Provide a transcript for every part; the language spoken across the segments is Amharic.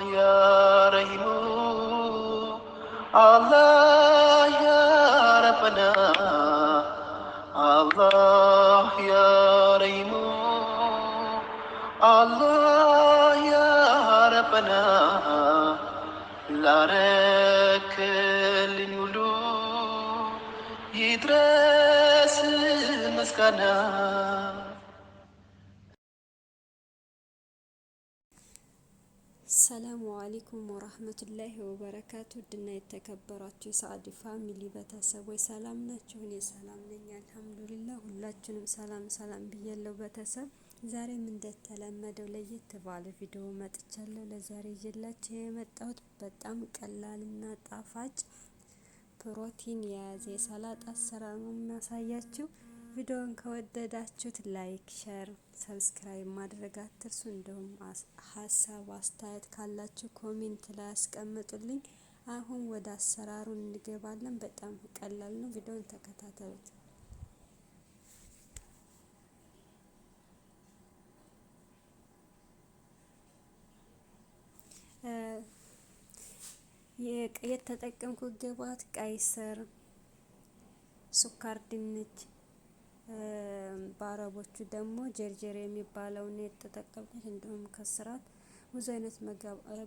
يا رحيم الله يا ربنا الله يا رحيم الله يا ربنا ላረክልኝ ሁሉ يدرس ምስጋና አሰላሙ አሌይኩም ወራህመቱላሂ ወበረካቱ ውድና የተከበራችሁ የሰአድ ፋሚሊ ቤተሰቦች ሰላም ናችሁ? እኔ ሰላም ነኝ አልሐምዱሊላ። ሁላችንም ሰላም ሰላም ብያለሁ ቤተሰብ። ዛሬም እንደተለመደው ለየት ባለ ቪዲዮ መጥቻለሁ። ለዛሬ ይዤላችሁ የመጣሁት በጣም ቀላልና ጣፋጭ ፕሮቲን የያዘ የሰላጣ አሰራር ነው የማሳያችሁ። ቪዲዮን ከወደዳችሁት ላይክ፣ ሸር፣ ሰብስክራይብ ማድረግ አትርሱ። እንደውም ሀሳብ አስተያየት ካላችሁ ኮሜንት ላይ አስቀምጡልኝ አሁን ወደ አሰራሩ እንገባለን። በጣም ቀላል ነው። ቪዲዮን ተከታተሉት። የተጠቀምኩት ግብአት ቀይ ስር፣ ሱካር ድንች በአረቦቹ ደግሞ ጀርጀር የሚባለው ነው የተጠቀምኩት። እንዲሁም ከስራት ብዙ አይነት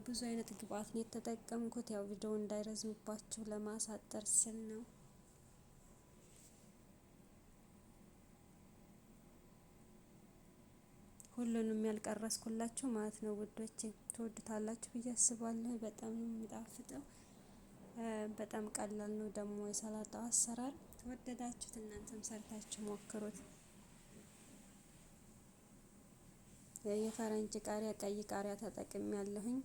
ብዙ አይነት ግብአት ነው የተጠቀምኩት። ያው ቪዲዮ እንዳይረዝምባችሁ ለማሳጠር ስል ነው። ሁሉንም ያልቀረስኩላችሁ ማለት ነው ውዶቼ፣ ትወዱታላችሁ ብዬ አስባለሁ። በጣም ነው የሚጣፍጠው። በጣም ቀላል ነው ደግሞ የሰላጣው አሰራር ከወደዳችሁት እናንተም ሰርታችሁ ሞክሩት። የፈረንጅ ቃሪያ ቀይ ቃሪያ ተጠቅሜ ያለሁኝ።